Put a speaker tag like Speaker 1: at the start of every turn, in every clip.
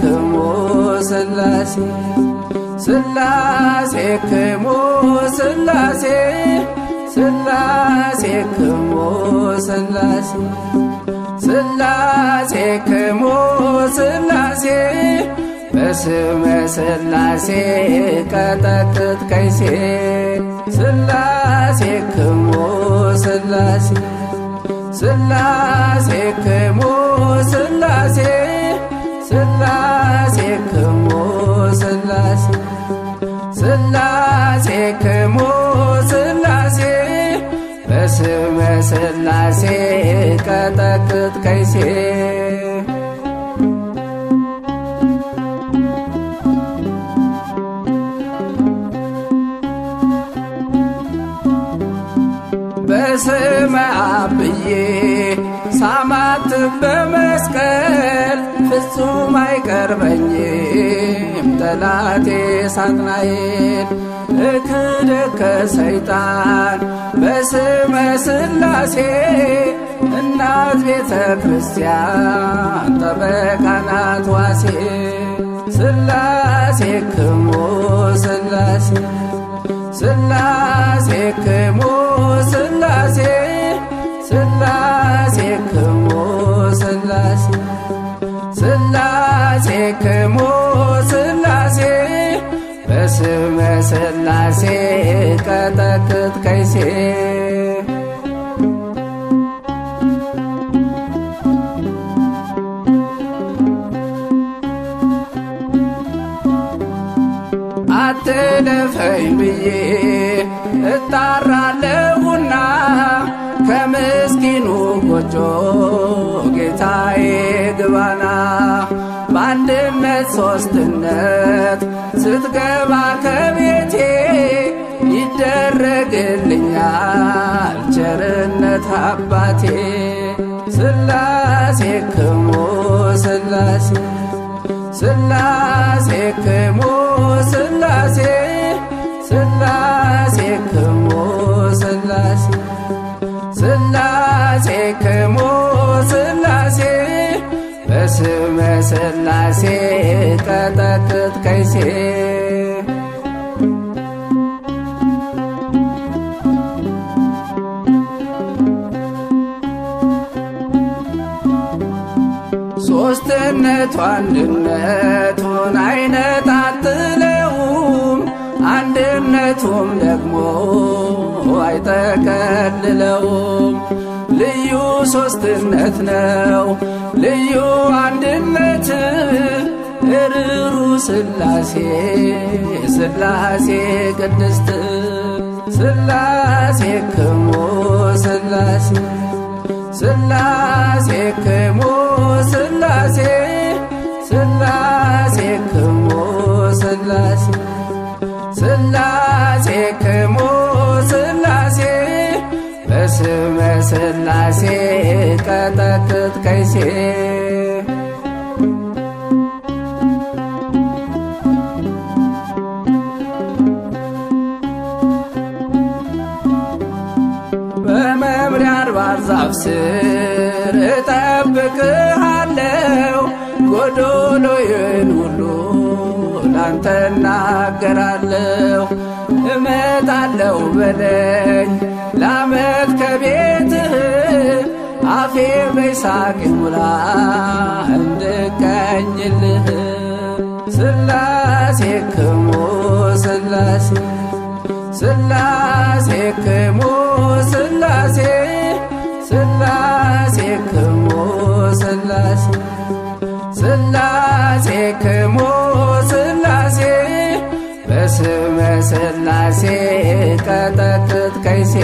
Speaker 1: ክሙ ሥላሴ ሥላሴ ክሙ ሥላሴ ሥላሴ ክሙ ስላሴ ሥላሴ ክሙ ሥላሴ በስመ ሥላሴ ቀጠቅጥ ከይሴ ሥላሴ ክሙ ሥላሴ ሥላሴ ክሙ ሥላሴ ስላሴ ክሙ ስላሴ ስላሴ ስላሴ በስመ ስላሴ ቀጠቅጥ ከይሴ በስመ አብ ሳማት በመስቀል በፍጹም አይቀርበኝም ጠላቴ ሳጥናኤል እክደከ ሰይጣን በስመ ስላሴ እናት ቤተ ክርስቲያን ጠበቃ ዋሴ ስላሴ ክሙ ስላሴ ስላሴ ክሙ ስላሴ ስላሴ ቀጠቅጥ ከይሴ አትለፈኝ ብዬ እጣራለሁና ከምስኪኑ ጎጆ ጌታዬ ግባና በአንድነት ሶስትነት ስትገባ ከቤ ያደርግልኛል ቸርነት አባቴ ስላሴ ክሙ ስላሴ ስላሴ ክሙ ስላሴ ስላሴ ክሙ ስላሴ ስላሴ ክሙ ስላሴ በስመ ስላሴ ቀጠቅጥ ከይሴ ሶስትነቱ አንድነቱን አይነጣጥለውም፣ አንድነቱም ደግሞ አይጠቀልለውም። ልዩ ሶስትነት ነው ልዩ አንድነት እርሩ ስላሴ ስላሴ ቅድስት ስላሴ ክሙ ስላሴ ስላሴ ስላሴ ቀጠቅጥ ቀይሴ በመምሪያ አድባር ዛፍ ስር እጠብቅሃለው ጎዶሎዬን ሁሉ ላንተ እናገራለሁ እመጣለሁ በለኝ ላመት ከቤትህ አፌ በይሳቅ ሙላ እንድቀኝልህ ስላሴ ክሙ ስላሴ ስላሴ ክሙ ስላሴ ስላሴ ክሙ ስላሴ ስላሴ ቀጠቅጥ ቀይሴ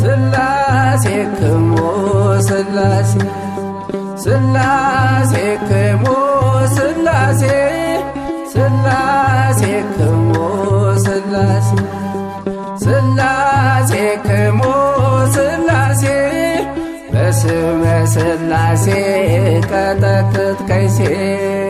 Speaker 1: ስላሴ ክሙ ስላሴ ስላሴ ክሙ ስላሴ ስላሴ ክሙ ስላሴ ስላሴ ክሙ ስላሴ በስመ ስላሴ ቀጠቅጥ ከይሴ